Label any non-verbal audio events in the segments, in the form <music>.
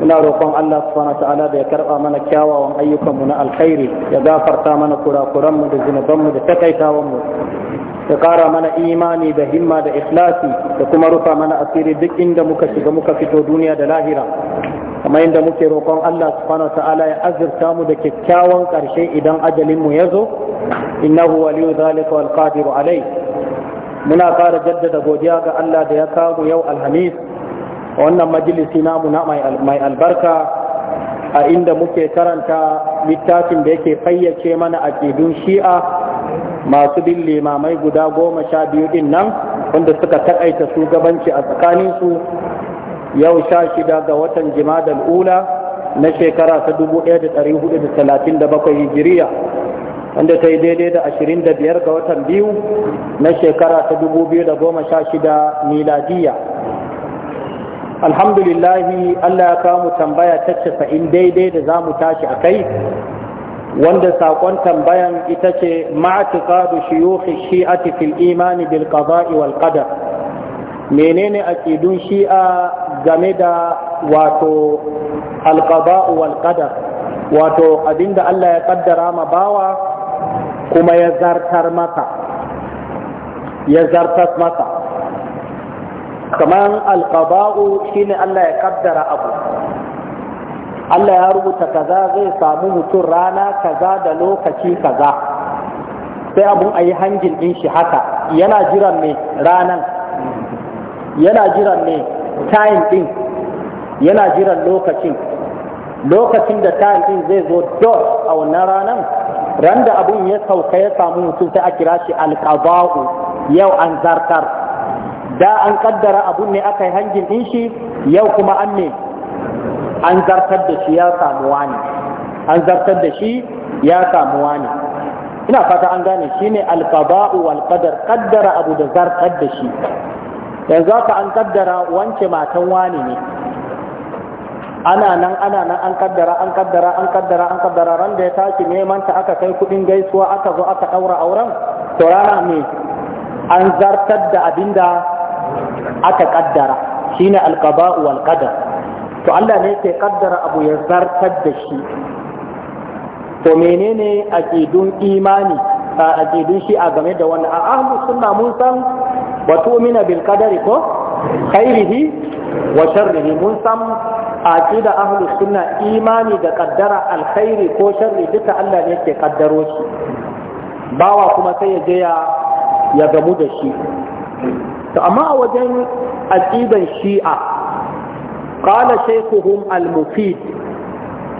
muna roƙon Allah subhanahu ta'ala da ya karɓa mana kyawawan ayyukanmu na alkhairi ya gafarta mana kurakuranmu da zunubanmu da takaitawanmu ya ƙara mana imani da himma da ikhlasi da kuma rufa mana asiri duk inda muka shiga muka fito duniya da lahira kamar inda muke roƙon Allah subhanahu ta'ala ya azurta mu da kyakkyawan ƙarshe idan ajalinmu ya zo innahu waliyu zalika wal qadiru alai muna ƙara jaddada godiya ga Allah da ya kawo yau alhamis wannan majalisi namu na mai albarka a inda muke karanta littafin da yake fayyace mana a shi'a masu bin limamai guda goma sha biyu din nan wanda suka takaita gabanci a tsakaninsu yau sha shida ga watan jimadal ula na shekara ta 1437 hijiriya wanda ta yi daidai da 25 ga watan biyu na shekara ta 2016 miladiya alhamdulillahi Allah ya kawo tambaya ta casa'in daidai da za mu tashi a kai wanda saƙon tambayan ita ce ma'atiqadu shuyukhi shi'ati fil imani bil qada'i wal qadar menene aqidun shi'a game da wato al wal wato abinda Allah ya kaddara ma bawa kuma ya zartar masa ya zartar masa kaman alqaba'u shine Allah ya kaddara abu Allah ya rubuta kaza zai samu mutum rana kaza da lokaci kaza sai abun a yi hangin ɗin shi haka yana jiran ne ranan yana jiran ne time ɗin yana jiran lokacin lokacin da time ɗin zai zo dot a wannan ranan ran da abun ya sauka ya samu mutum sai a kira shi alƙaba'u yau an zartar da an kaddara abun ne aka yi hangin din shi yau kuma an ne an zartar da shi ya samu wani an zartar da shi ya samu wani ina fata an gane shi ne alqada'u wal qadar kaddara abu da zartar da shi yanzu haka an kaddara wance matan wani ne ana nan ana nan an kaddara an kaddara an kaddara an kaddara ran da ya tashi neman ta aka kai kudin gaisuwa aka zo aka daura auren to rana ne an zartar da abinda aka kaddara shine alqada'u wal qadar to Allah ne ke kaddara abu ya zartar da shi to menene aqidun imani aqidun shi a game da wannan a ahlus sunna mun san wa tu'mina bil qadari ko khairihi wa sharrihi mun san aqida ahlus sunna imani da kaddara alkhairi ko sharri duka Allah ne ke kaddaro shi bawa kuma sai ya je ya gamu da shi to amma a wajen aqidan shi'a ƙala shaykhuhum al-mufid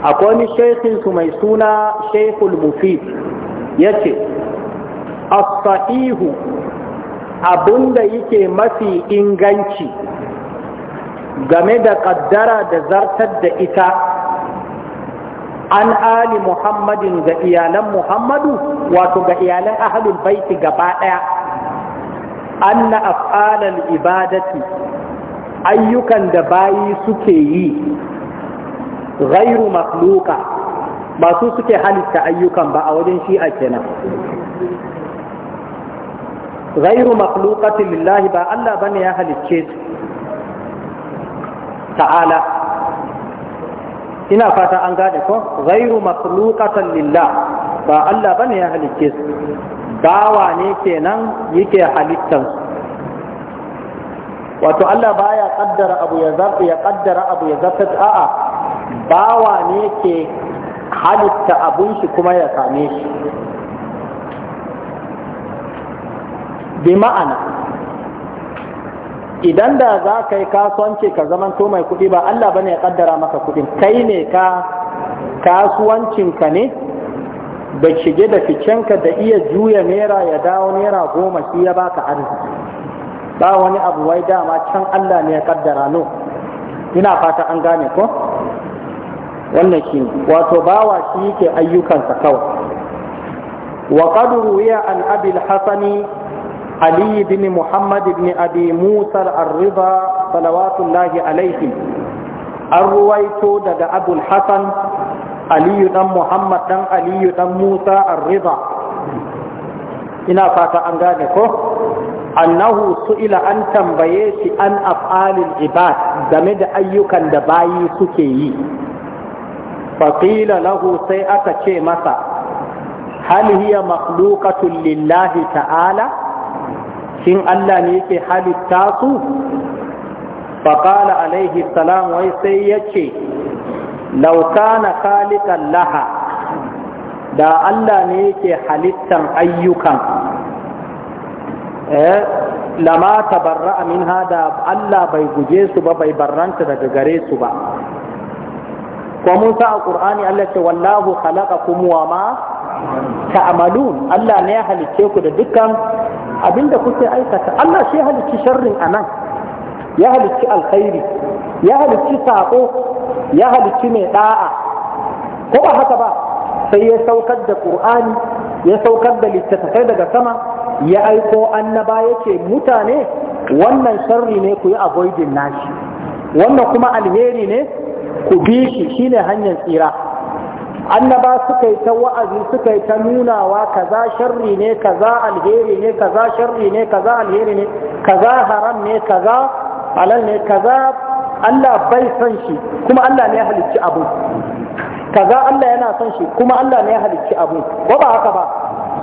akwai wani shaykhin mai suna shaykhul mufid yace as-sahihu abunda yake mafi inganci game da ƙaddara da zartar da ita an ali muhammadin ga iyalan muhammadu wato ga iyalan ahalin baiti gaba ɗaya anna af'alal ibadati ayyukan da bayi suke yi ghairu makhluqa ba su suke halitta ayyukan ba a wajen shi'a kenan ghairu makhluqati lillahi ba Allah bane ya halicce ta'ala ina fata an gane ko ghairu makhluqatan lillah ba Allah bane ya halicce bawa ne kenan yake halittansu wato Allah baya kaddara abu ya zarta ya kaddara abu ya zarta a'a bawa ne ke halitta abun shi kuma ya same shi bi ma'ana idan da za ka yi kasuwanci ka zamanto mai kuɗi ba Allah bane ya kaddara maka kuɗin kai ne ka kasuwancinka ne da shige da ficenka da iya juya naira ya dawo naira goma shi ya baka arziki ba wani abu wai dama can Allah ne ya kaddara no ina fata an gane ko wannan shi wato bawa shi yake ayyukansa kawai wa qad ruwiya an abi al-hasani ali ibn muhammad ibn abi musa ar-ridha salawatullahi alayhi an ruwaito daga abul hasan aliyu dan muhammad dan aliyu dan musa ar-rida ina fata an gane ko annahu su'ila an tambaye shi an af'alil ibad game da ayyukan da bayi suke yi faƙila lahu sai aka ce masa hal hiya makhluqatun lillahi ta'ala shin Allah ne yake halitta su faƙala alaihi salam wai sai yace laukana khaliqan laha da Allah ne yake halittan ayyukan eh lama tabarra'a min hada Allah bai guje su ba bai barranta daga gare su ba ko mun sa a Allah ce wallahu khalaqakum wa ma ta'malun Allah ne ya halicce ku da dukkan abinda kuke aikata Allah shi halicci sharrin anan ya halicci alkhairi ya halicci sako ya halicci mai da'a ko ba haka ba sai ya saukar da ƙur'ani ya saukar da littattafai daga sama ya aiko annaba yake mutane wannan sharri ne ku yi avoiding nashi wannan kuma alheri ne ku bi shi shine hanyar tsira annaba suka yi ta wa'azi suka yi ta nunawa kaza sharri ne kaza alheri ne kaza sharri ne kaza alheri ne kaza haram ne kaza halal ne kaza Allah bai son shi kuma Allah ne ya halicci abu kaza Allah yana son shi kuma Allah ne ya halicci abu ko ba haka ba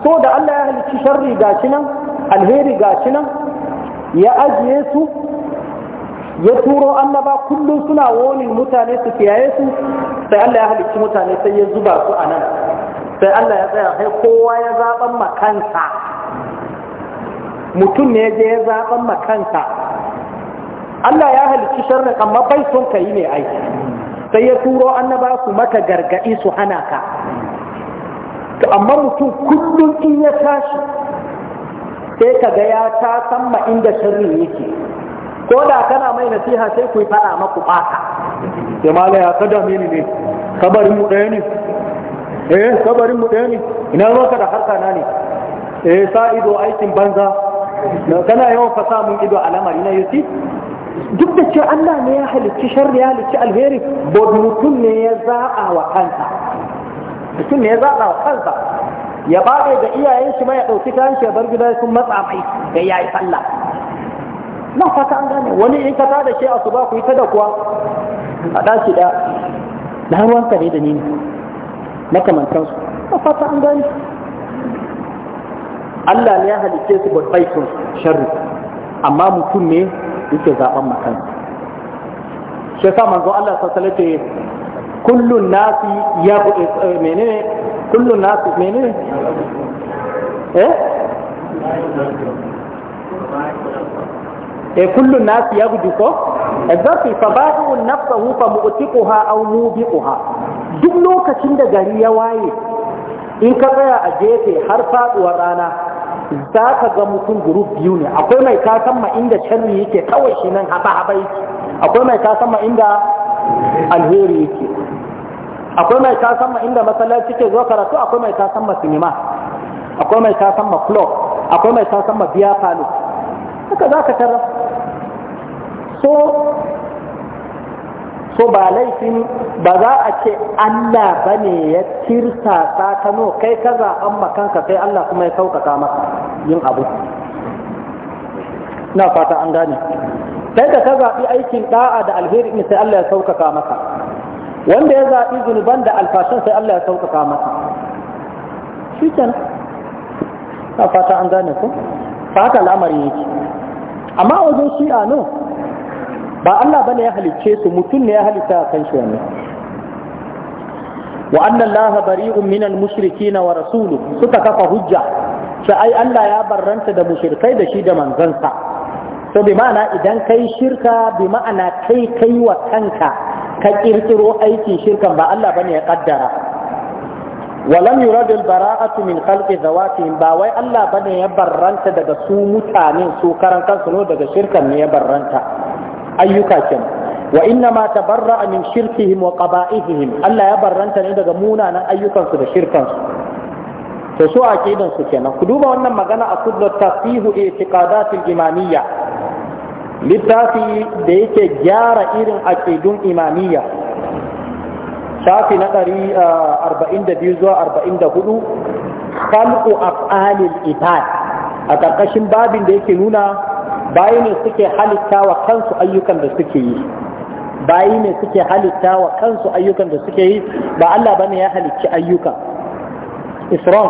so da Allah ya halicci sharri gashi nan alheri gashi nan ya ajiye su ya turo annaba kullum suna wonin mutane su kiyaye su sai Allah ya halicci mutane sai ya zuba su a nan sai Allah ya tsaya sai kowa ya zaɓan makansa mutum ne ya je ya zaɓan makansa Allah ya halicci sharri amma bai son ka yi ne ai sai ya turo annaba su maka gargadi su hana ka to amma mutum kullum in ya tashi sai ka ga ya ta samma inda sharri yake ko da kana mai nasiha sai ku fara faɗa maku ɓata ya mala ya kada mini ne kabarin mu ɗaya ne eh kabarin mu ɗaya ne ina ruwanka da harka na ne eh sa ido aikin banza kana yawan fasa mun ido a lamari na yusi duk da ce Allah ne ya halicci sharri ya halicci alheri ba mutum ne ya zaɓa wa kansa mutum ne ya zaɓa wa kansa ya bade da iyayen shi ma ya ɗauki kayan shi ya bar gida sun matsa mai da ya yi sallah na fata an gane wani in ka da shi a su ba ku yi ta da kuwa a ɗaki ɗaya na ruwanka ne da ni makamantansu na fata an gane Allah ne ya halicce su babbai sun sharri amma mutum ne yake zaɓen makan shi sa manzo Allah sale ce kullun nasi ya buɗe eh, menene kullun nasi menene eh eh kullun nasi ya buɗe ko exactly fa ba'u nafsahu fa mu'tiquha aw mubiquha duk lokacin da gari ya waye in ka tsaya a gefe har faduwar rana za ka ga mutum guruf biyu ne akwai mai kasan ma inda sharri yake kawai shi nan haba haba yake akwai mai kasan ma inda alheri yake akwai mai kasan ma inda masallaci ke zo karatu akwai mai kasan ma sinima akwai mai kasan ma club akwai mai kasan ma biya palo haka za ka tarar so so ba laifin ba za a ce Allah ba ne ya tirsa sakano kai ka zaɓan makanka Kai Allah kuma ya sauƙaƙa maka yin abu na fata an gane sai da ka zaɓi aikin ɗa'a da alheri ne sai Allah ya sauƙaƙa maka wanda ya zaɓi zunuban da alfashin sai Allah ya sauƙaƙa maka shi na fata an gane ko fata al'amari yake amma wajen shi'a no ba Allah bane ya halicce su mutum ne ya halitta kan shi ne wa anna Allah bari'un minal mushrikina wa rasuluhu suka kafa hujja ce ai Allah ya barranta da mushrikai da shi da manzansa to bi ma'ana idan kai shirka bi ma'ana kai kai wa kanka ka kirkiro aikin shirkan ba Allah bane ya kaddara ولم يرد البراءة من خلق ذواتهم باوي الله بني يبرنت دغ سو متانين سو كران كان سنو دغ شركا ne ya barranta. ayyuka kenan wa inna ma tabarra'a min shirkihim wa qaba'ihim Allah ya barranta ne daga munanan ayyukansu da shirkansu to su aqidan su kenan ku duba wannan magana a kullu tafihu i'tiqadat al-imamiyya littafi da yake gyara irin aqidun imaniyya shafi na 42 zuwa 44 khalqu af'alil ibad a karkashin babin da yake nuna bayi ne suke halitta wa kansu ayyukan da suke yi bayi ne suke halitta wa kansu ayyukan da suke yi ba Allah bane ya halicci ayyuka isra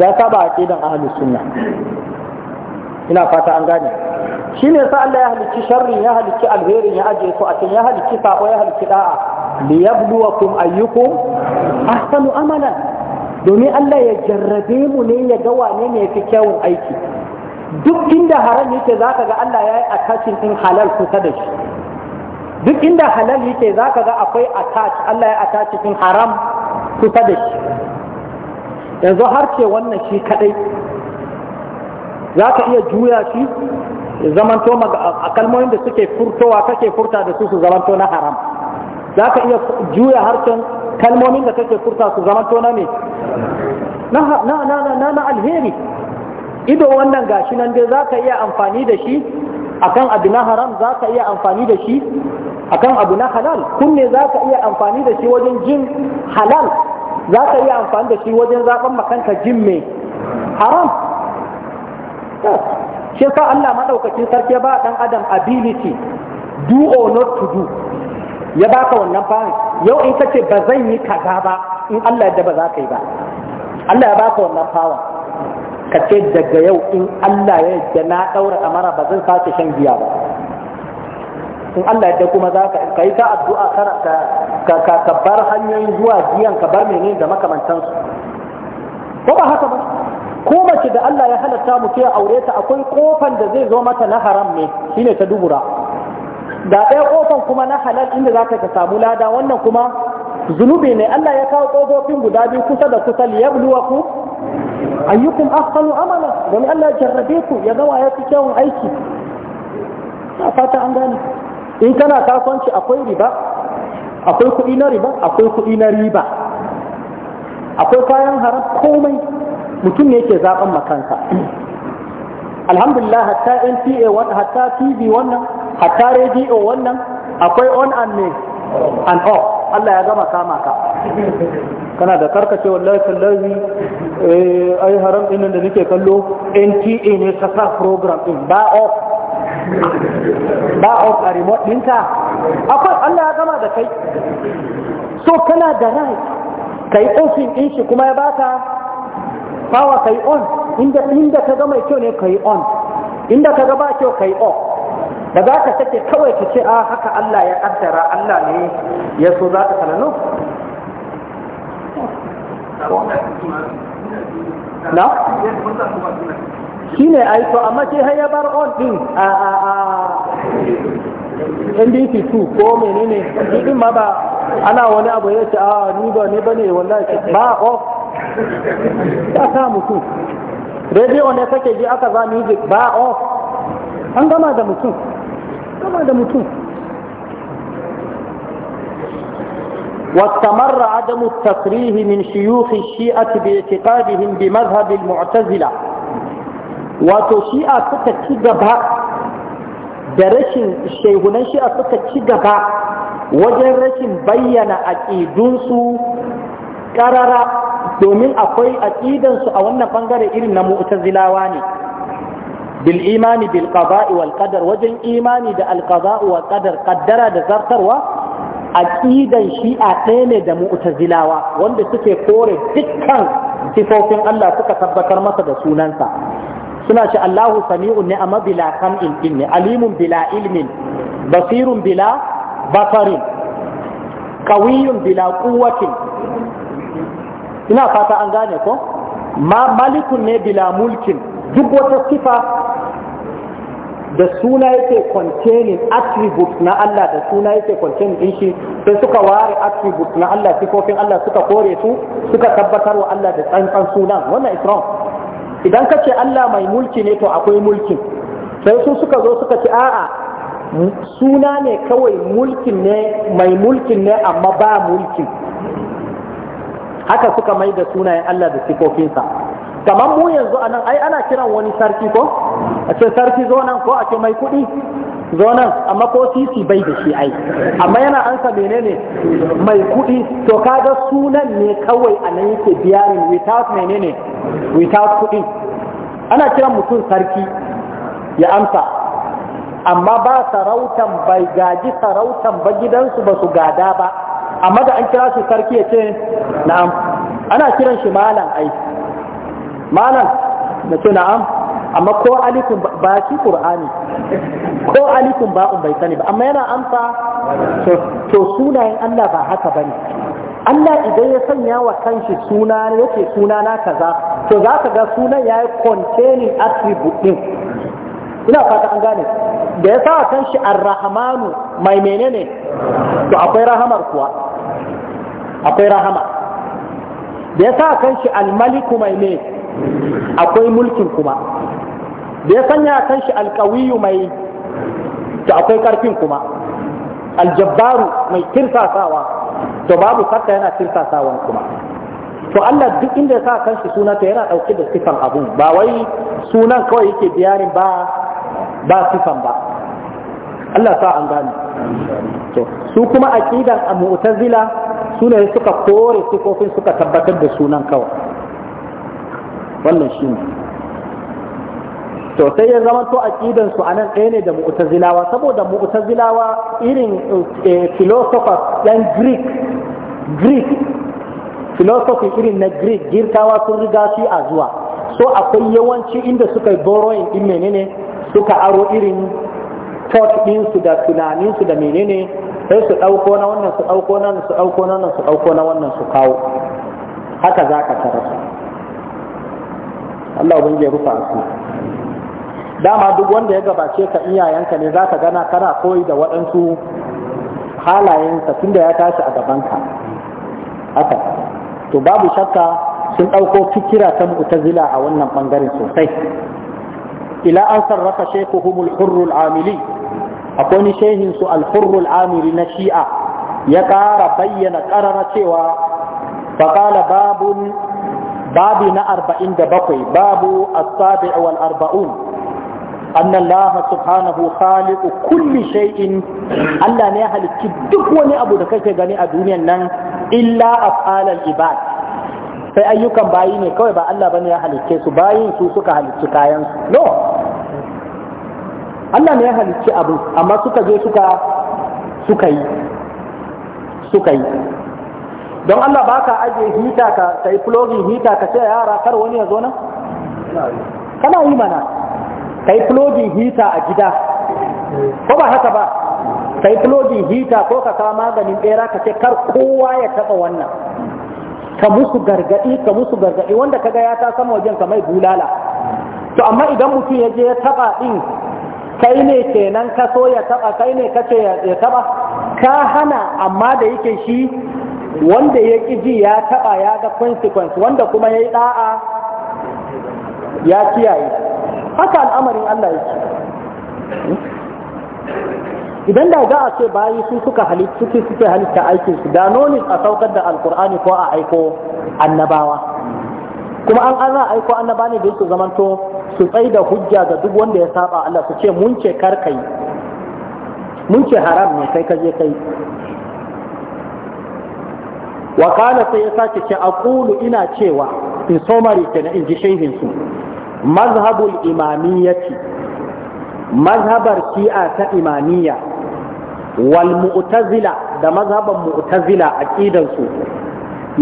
ya saba a aqidan ahlus sunna ina fata an gane shi ne sa Allah ya halicci sharrin ya halicci alherin ya ajiye su a can ya halicci sako ya halicci da'a li yabluwakum ayyukum ahsanu amalan domin Allah ya jarrabe mu ne ya ga wane ne fi kyawun aiki duk inda haram yake za ka ga Allah ya yi a tashin ɗin halal kusa da shi duk inda halal yake za ka ga akwai attach Allah ya yi a attachin ɗin haram kusa da shi yanzu har ce wannan shi kadai za ka iya juya shi ya zamanto a kalmomin da suke furtowa kake furta da su su zamanto na haram za ka iya juya harshen kalmomin da kake furta su zamanto na ne na alheri ido wannan gashi nan dai za ka iya amfani da shi akan abu na haram za ka iya amfani da shi akan abu na halal kunne za ka iya amfani da shi wajen jin halal za ka iya amfani da shi wajen zaɓen makanka jin mai haram shi sa Allah maɗaukacin sarki ba ɗan adam ability do or not to do ya baka wannan fahim yau in kace ba zan yi kaza ba in Allah yadda ba za ka yi ba Allah ya baka wannan fawon ka ce daga yau in Allah ya yadda na ɗaura kamara ba zan sace shan giya ba in Allah yadda kuma za ka yi ta addu'a ka bar hanyoyin zuwa giyan ka bar mene da makamantansu ko ba haka ba ko mace da Allah ya halatta mutu ya aure ta akwai kofan da zai zo mata na haram ne shine ta dubura da ɗaya kofan kuma na halal inda za ka samu lada wannan kuma zunubi ne Allah ya kawo kofofin guda biyu kusa da kusa ku? ayyukum ahsanu amala domin Allah jarrabe ku ya gawa ya fi kyawun aiki A fata an gane in kana kasuwanci akwai riba akwai kuɗi na riba akwai kuɗi na riba akwai kayan haram komai mutum ne yake zaben makansa alhamdulillah hatta NPA wannan hatta TV wannan hatta radio wannan akwai on and me and off Allah ya gama kama ka kana da karkace wallahi tallahi eh, ai haram din da nake kallo NTA ne ta sa program din ba off ba off a remote ɗinka akwai Allah ya gama da kai so kana da right kai ofin din shi kuma ya baka power kai on inda inda ka ga mai kyau ne kai on inda ka ga ba kyau kai off da za ka sake kawai ka ce a ah, haka Allah ya kaddara Allah ne ya so za ka sananu na? shi ne aiko amma ce ya bar on din a a a ndc 2 ko menene din ma ba ana wani abu ya ce a ah, ni ba ne ba ne wallahi ba off ta sa mutum radio ne kake ji aka za music ba off an gama da mutum gama da mutum واستمر عدم التصريح من شيوخ الشيعة باعتقادهم بمذهب المعتزلة وتشيئة تتكذبها درشن الشيخون الشيعة تتكذبها وجرشن بيّن أكيدونس ƙarara domin akwai aƙidansu a wannan bangare irin na mu'tazilawa ne bil imani bil qada'i wal wajen imani da al qada'u da zartarwa aqidan shi'a ɗaya ne da mu'tazilawa wanda suke kore dukkan sifofin Allah suka tabbatar masa da sunansa suna shi Allahu sami'un ne amma bila sam'in din ne alimun bila ilmin basirun bila basarin qawiyun bila quwwatin ina fata an gane ko ma malikun ne bila mulkin duk wata sifa da suna yake containing attributes na Allah da suna yake containing din shi sai suka ware attributes na Allah sifofin Allah suka kore su suka tabbatar wa Allah da tsantsan sunan wannan is wrong idan ka ce Allah mai mulki ne to akwai mulki sai su suka zo suka ce a'a suna ne kawai mulkin ne mai mulkin ne amma ba mulkin haka suka mai da sunayen Allah da sifofinsa kamar mu yanzu anan ai ana kiran wani sarki ko a ce sarki zo nan ko a ce mai kuɗi zo nan amma ko sisi bai da shi ai amma yana ansa menene mai kuɗi to kaga sunan ne kawai a nan yake biyarin without menene without kuɗi ana kiran mutum sarki ya amsa amma ba sarautan bai gaji sarautan ba gidansu ba su gada ba amma da an kira shi sarki ya ce na'am ana kiran shi malam ai malam na ce na'am amma ko alifin ba shi qur'ani ko alifin ba'un bai sani ba amma yana amsa to sunayen Allah ba haka bane Allah idan ya sanya wa kanshi suna yake suna na kaza to za ka ga sunan ya yi containing attribute din ina fata an gane da ya sa kanshi ar-rahmanu mai menene to akwai rahamar kuwa akwai rahama da ya sa kanshi al-maliku mai menene akwai mulkin kuma da ya sanya kan shi alkawiyu mai da akwai karfin kuma aljabbaru mai tirsasawa to babu fatta yana tirsasawan kuma to Allah duk inda ya sa kan shi suna to yana dauke da sifan abu ba wai sunan kawai yake biyarin ba ba sifan ba Allah sa an gane to su kuma aqidan mu'tazila sune suka kore sifofin suka tabbatar da sunan kawai wannan shi ne to sai ya zama to aqidan su anan ɗaya ne da mu'tazilawa saboda mu'tazilawa irin eh, eh, philosophers yan greek greek philosophy irin na greek girkawa sun riga shi a zuwa so akwai yawanci inda suka yi borrowing din menene suka aro irin thought su da tunaninsu da menene sai su ɗauko na wannan su ɗauko na su na su ɗauko na wannan su kawo haka za ka Allah ubangiji ya rufa su dama duk wanda ya gabace ka iyayenka ne zaka gana kana koyi da waɗansu halayensa tunda ya tashi a gabanka haka to babu shakka sun ɗauko fikira ta mu'tazila a wannan ɓangaren sosai ila an sarrafa shaykhuhum al-hurr al-amili akwai ni shehin su al-hurr al-amili na shi'a ya ƙara bayyana ƙarara cewa faqala babun babi na arba'in da bakwai babu asabi wal arba'un an Allah subhanahu khaliqu kulli shay'in Allah ne ya halicci duk wani abu da kake gani a duniyan nan illa af'alal ibad sai ayyukan bayi ne kawai ba Allah bane ya halicce su bayin su suka halicci kayan su no Allah ne ya halicci abu amma suka je suka yi suka yi don Allah ba ka ajiye hita ka ka yi hita ka ce yara kar wani ya zo nan kana yi mana ka yi hita a gida ko ba haka ba ka yi hita ko ka kawo maganin bera ka ce kar kowa ya taɓa wannan ka musu gargaɗi ka musu gargaɗi wanda kaga ya ta sama wajen ka mai bulala to amma idan mutum ya je ya taɓa ɗin kai ne kenan ka so ya taɓa kai ne ka ce ya taɓa ka hana amma da yake shi wanda ya ji ya taɓa ya ga consequence wanda kuma ya yi ɗa'a ya kiyaye haka al'amarin Allah ya ce idan da za a ce bayi sun suka halitta suke suke halitta aikin su da nonin a saukar da alkur'ani ko a aiko annabawa kuma an ana aiko annaba ne da su zamanto su tsai da hujja ga duk wanda ya saba Allah su ce mun ce kar mun ce haram ne kai ka je kai wa kana sai ya sake ce aqulu ina cewa in somari kenan in ji shehin su mazhabul imamiyyati mazhabar shi'a ta imamiyya wal mu'tazila da mazhaban mu'tazila aqidan su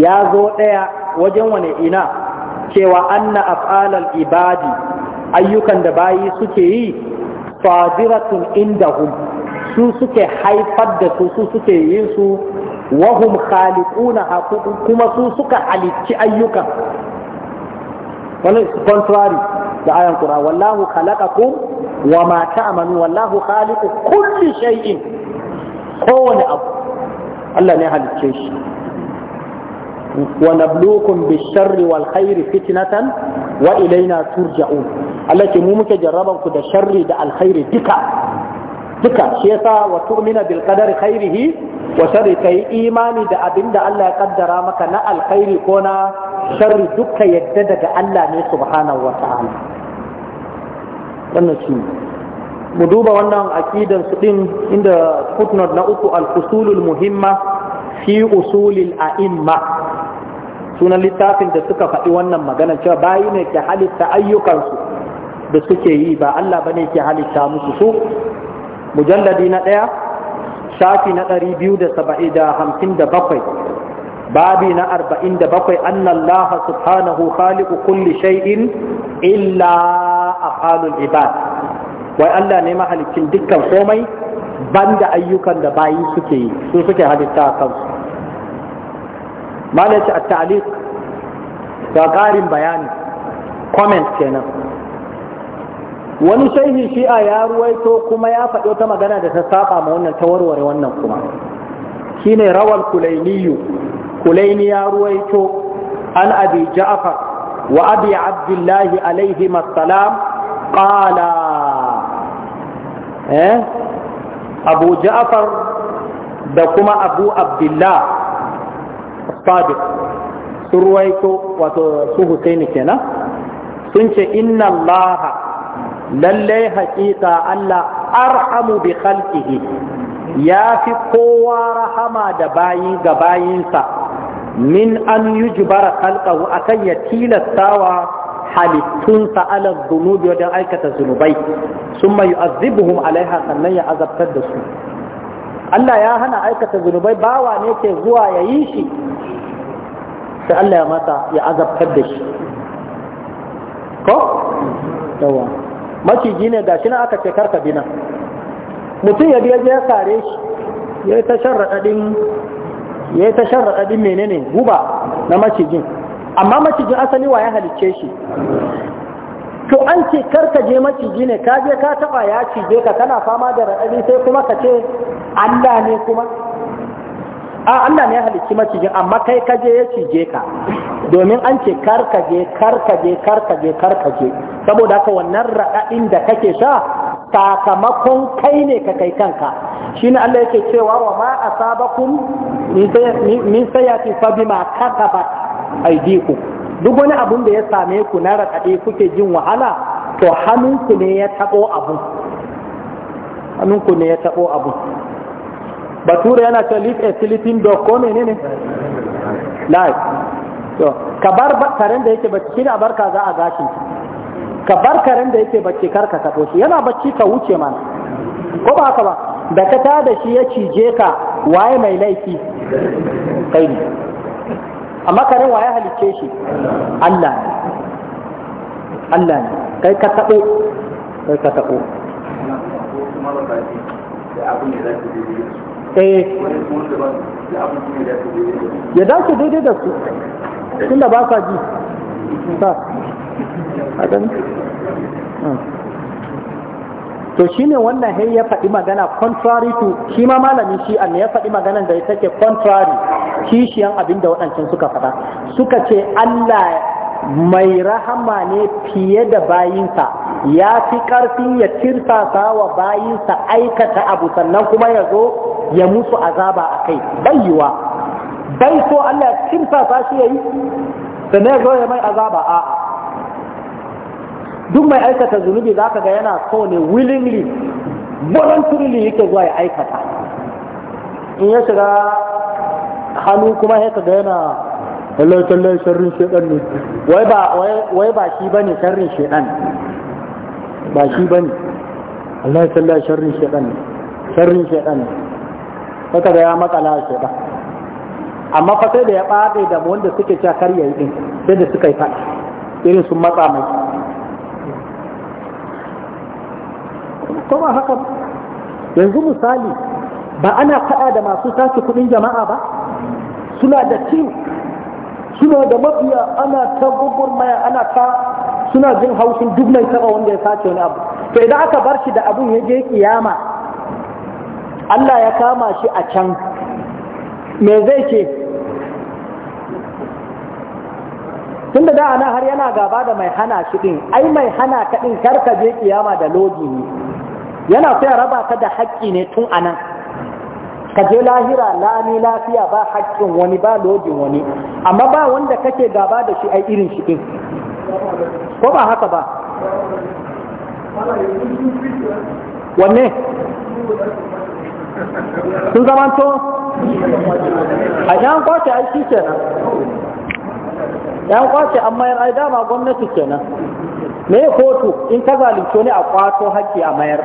ya zo ɗaya wajen wane ina cewa anna af'alal ibadi ayyukan da bayi suke yi sadiratun indahum su suke haifar da su su suke yin su wahum khaliquna kuma su suka halicci ayyukan wannan contrary da ayan qur'an wallahu khalaqakum wa ma ta'malu wallahu khaliqu kulli shay'in kowane abu Allah ne halicce shi wa nabluukum bish-sharri wal khairi fitnatan wa ilayna Allah ce mu muke jarraban da sharri da alkhairi duka duka shi yasa wa tu'mina bil qadari khairihi wa kai imani da abinda Allah ya kaddara maka na alkhairi ko na sharri duka yadda daga Allah ne subhanahu wa ta'ala wannan shi mu duba wannan aqidan su din inda footnote na uku al muhimma fi usulil a'imma sunan littafin da suka faɗi wannan magana cewa bayi ne ke halitta ayyukansu da suke yi ba Allah bane ke halitta musu su mujalladi na ɗaya shafi na ɗari biyu da saba'i da hamsin da bakwai babi na arba'in da bakwai annan subhanahu khaliqu kulli shay'in illa afalul ibad wai Allah ne mahalicin dukkan komai banda ayyukan da bayi suke yi su suke halitta a kansu malaci a ta'aliq ga ƙarin bayani comment kenan wani shaihi shi'a ya ruwaito kuma ya faɗo ta magana da ta saba ma wannan ta warware wannan kuma shine rawar kulainiyu kulaini ya ruwaito an abi ja'far wa abi abdullahi alaihi masalam qala eh abu ja'far da kuma abu abdullah sadiq sun ruwaito wato su husaini kenan sun ce inna allaha lalle haƙiƙa Allah arhamu bi khalqihi ya fi kowa rahama da bayi ga bayinsa min an yujbara khalqahu akan ya tilastawa halittunsa ala dhunubi wajen aikata zunubai summa yu'azzibuhum alaiha sannan ya azabtar da su Allah ya hana aikata zunubai bawa ne ke zuwa ya yi shi sai Allah ya mata ya azabtar da shi ko yawa maciji ne ga shi na aka ce karka bina mutum ya biya ya sare shi ya yi ta sharraɗaɗin ya yi ta sharraɗaɗin menene guba na macijin amma macijin asali wa ya halicce shi to an ce karka je maciji ne ka je ka taɓa ya cije ka kana fama da raɗaɗi sai kuma ka ce Allah ne kuma a Allah ne ya halicci macijin amma kai kaje ya cije ka domin an ce karkaje karkaje karkaje karkaje saboda haka wannan raɗaɗin da kake sha sakamakon kai ne ka kai kanka shi ne Allah yake cewa wa ma asabakum min sayati fa bima kasabat aydikum duk wani abun da ya same ku na raɗaɗe kuke jin wahala to hannunku hannunku ne ya taɓo abu bature yana ta live a sleeping dog ko menene life to ka bar karen da yake bacci kina bar kaza a gashin ka bar karen da yake bacci kar ka kato shi yana bacci ka wuce mana ko ba haka ba da ka ta da shi ya cije ka waye mai laifi kai ne amma karen waye halicce shi Allah ne Allah ne kai ka taɓo kai ka taɓo abin da za ku eh ya dace daidai da su da ba sa ji sa hmm. to ne wannan hai ya faɗi magana contrary to shi ma malamin shi ne ya faɗi magana da take contrary kishiyan abin da waɗancan suka faɗa suka ce Allah mai rahama ne fiye da bayinsa ya fi ƙarfin ya tirsasa wa bayinsa aikata abu sannan kuma ya zo ya musu azaba a kai bayyuwa bai so Allah ya kimsa shi yayi sannan ya zo ya mai azaba a duk mai aikata zunubi zaka ga yana so ne willingly voluntarily yake zuwa ya aikata in ya shiga hannu kuma haka ga yana Allah talla sharrin shedan ne wai ba wai ba shi bane sharrin shedan ba shi bane Allah talla sharrin shedan ne sharrin shedan ne saka da ya makala a shaɗa amma fa sai da ya ɓaɗe da wanda suke cakar kar yi sai da suka yi faɗi irin sun matsa mai kuma haka yanzu misali ba ana faɗa da masu sace kuɗin jama'a ba suna da cin suna da mafiya ana ta maya ana ta suna jin haushin duk mai taɓa wanda ya sace wani abu to idan aka bar shi da abun ya je kiyama Allah ya kama shi a can me zai ce tunda da ana har yana gaba da mai hana shi din ai mai hana ka din karka je kiyama da lodi ne yana so raba ka da haƙƙi ne tun anan ka je lahira lami lafiya ba haƙƙin wani ba lodin wani amma ba wanda kake gaba da shi ai irin shi din ko ba haka ba wanne sun zamanto a yan kwace aiki kenan yan kwace amma yan ai dama gwamnati kenan me kotu in ka zalunce ne a kwato haƙƙi a mayar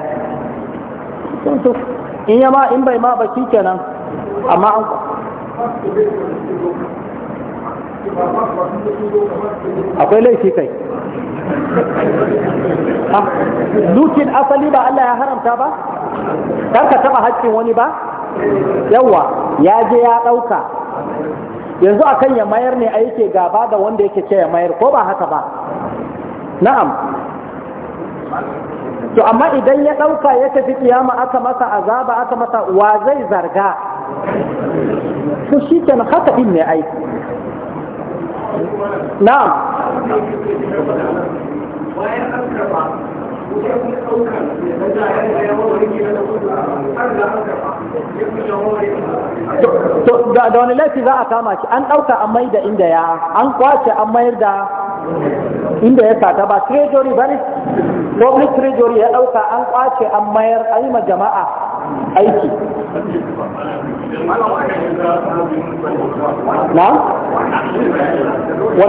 in yama in bai ma ba kenan amma an akwai laifi kai dukin asali ba Allah ya haramta ba kar ka taba haƙƙin wani ba yawa ya je ya ɗauka yanzu akan ya mayar ne a yake gaba da wanda yake ce ya mayar ko ba haka ba na'am to amma idan ya ɗauka ya tafi kiyama aka masa azaba aka masa wa zai zarga to shi haka ɗin ne aiki na'am to da wani laifi za a kama shi an ɗauka an mai da inda ya an kwace an mayar da inda ya sata ba treasury ba ne public treasury ya ɗauka an kwace an mayar a yi ma jama'a aiki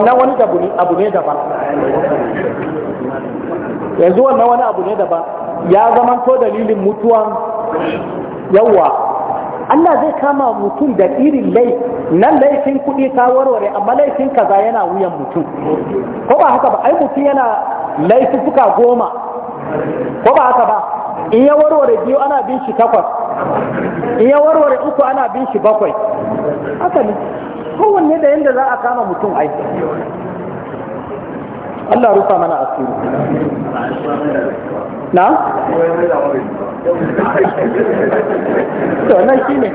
na wannan wani abu ne daban yanzu wannan wani abu ne daban ya zama ko dalilin mutuwa yawa Allah zai kama mutum da irin laifin, nan laifin kuɗi ta warware amma laifin kaza yana wuyan mutum ko ba haka ba ai mutum yana laifuka goma ko ba haka ba in ya warware biyu ana bin shi takwas in ya warware uku ana bin shi bakwai haka ne kowanne da yadda za a kama mutum ai Allah rufa mana asiri na? to nan shi ne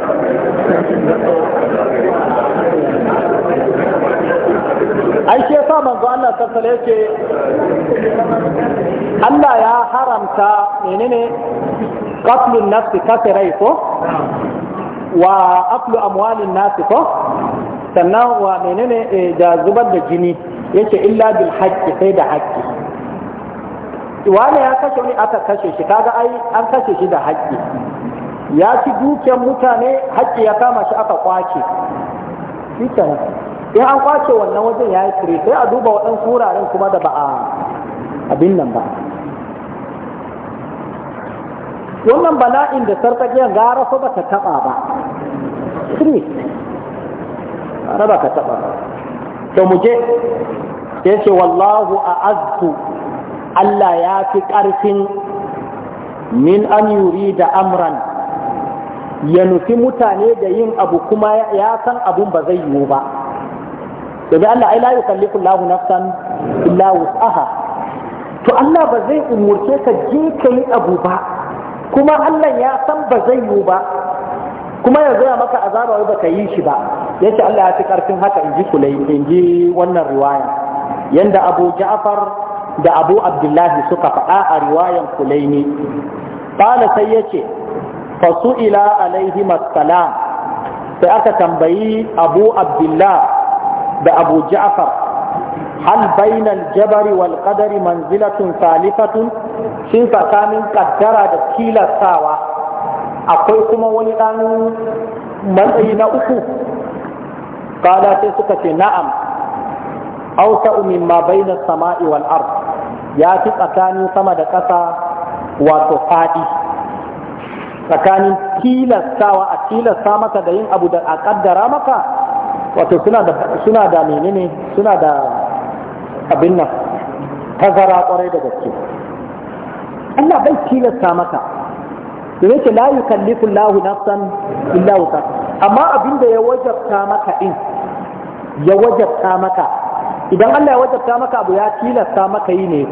ai shi yasa manzo Allah sassale yake Allah ya haramta menene qatlun nafsi kafirai ko wa aqlu amwalin nasi ko sannan wa menene e, da zubar da jini yace illa bil haqqi sai da haqqi wani ya kashe ni aka kashe shi kaga ai an kashe shi da haqqi ya ci dukiyar mutane haƙƙi ya kama shi aka kwace shi in an kwace wannan wajen ya yi kire sai a duba waɗansu wuraren kuma da ba a abin nan ba wannan bala'in da sarƙaƙiyar gara fa ba ta taɓa ba kire gara ba ka taɓa ba to mu je ya ce wallahu a azu Allah ya fi ƙarfin min an yuri da amran ya nufi mutane da yin abu kuma ya san abun ba zai yiwu ba domin Allah ai la yukallifu Allahu nafsan illa wus'aha to Allah ba zai umurce ka je ka yi abu ba kuma Allah ya san ba zai yi ba kuma yanzu ya maka azaba ba ka yi shi ba yace Allah ya fi karfin haka inji kulai inji wannan riwaya yanda Abu Ja'far da Abu Abdullahi suka faɗa a riwayan Kulaini qala sai yace fasu'ila alaihi salam sai aka tambayi Abu Abdullah da abu ja'far hal bainal jabari wal qadari manzilatun salifatun shin tsakanin kaddara da tilastawa akwai kuma wani dan matsayi na uku kala sai suka ce na'am awsa'u mimma bainas sama'i wal ard ya fi tsakanin sama da ƙasa wato faɗi tsakanin tilastawa a tilasta maka da yin abu da a ƙaddara maka wato suna da menene suna da abin nan tazara kwarai da gaske Allah bai tilasta maka da yake layu kallifin lahu nafsan illa wusa amma abin da ya wajabta maka din ya wajabta maka idan Allah ya wajabta maka abu ya tilasta maka yi ne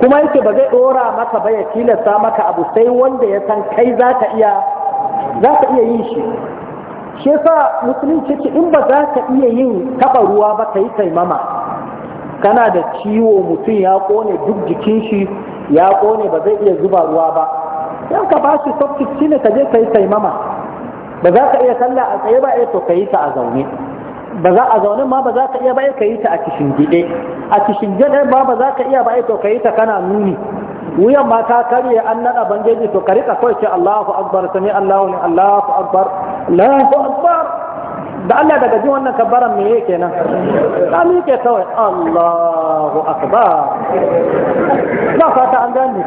kuma yake ba zai dora maka ba ya tilasta maka abu sai wanda ya san kai za ka iya yin shi shi yasa musulunci ce in ba za ka iya yin taba ruwa ba ka yi taimama kana da ciwo mutum ya kone duk jikin shi ya kone ba zai iya zuba ruwa ba yan ka bashi softik shi ne ka je ka yi taimama ba za ka iya sallah a tsaye ba ya eh, to ka yi ta a zaune ba za a zaune ma ba za ka iya ba eh, ka yi ta a kishin gide a kishin gide ba ba za ka iya ba eh, to ka yi ta kana nuni wuyan ma ta karye an nada bangeji to ka rika kawai ce Allahu akbar sami Allahu ne Allahu akbar Allahu akbar da Allah daga ji wannan kabbaran me yake nan ta miƙe kawai Allahu akbar ba fata an gane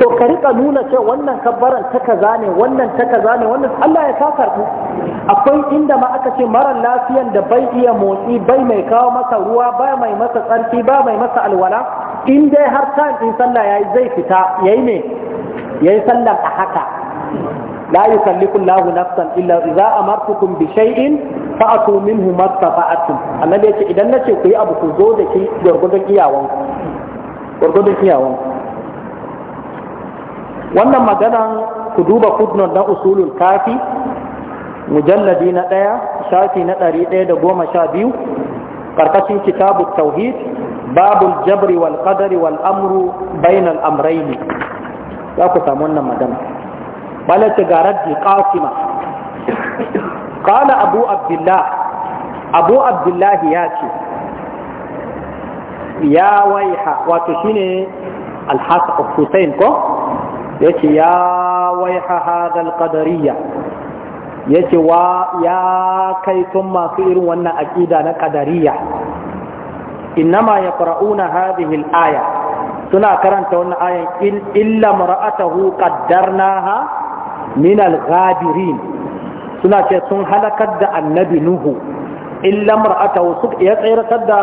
to ka rika nuna ce wannan kabbaran ta kaza ne wannan ta kaza ne wannan Allah ya ka karbu akwai inda ma aka ce mara lafiyan da bai iya motsi bai mai kawo masa ruwa bai mai masa tsarki bai mai masa alwala in dai har ta in sallah yayi zai fita yayi ne yayi sallan a haka la yukallifu Allahu nafsan illa idza amartukum bi shay'in fa'atu minhu mastata'tum annabi yace idan nace ku yi abu ku zo da shi gurgudun wannan maganan ku duba footnote na usulul kafi mujalladi na ɗaya shafi na ɗari ɗaya da goma sha biyu ƙarƙashin kitabu tauhid babul jabri wal qadari wal amru bainal amraini za ku samu wannan magana malaka ga raddi qasima qala abu abdullah abu abdullah ya ce ya waiha wato shine alhassan hussein ko ya ce ya waiha hadal qadariya ya ce wa ya kai tun masu irin wannan aƙida na ƙadariya innama ya fara'una hadihil aya suna karanta wannan ayan illa mara'atahu qaddarnaha min al-ghabirin suna ce sun halakar da annabi nuhu illa mar'atahu su ya tsayar da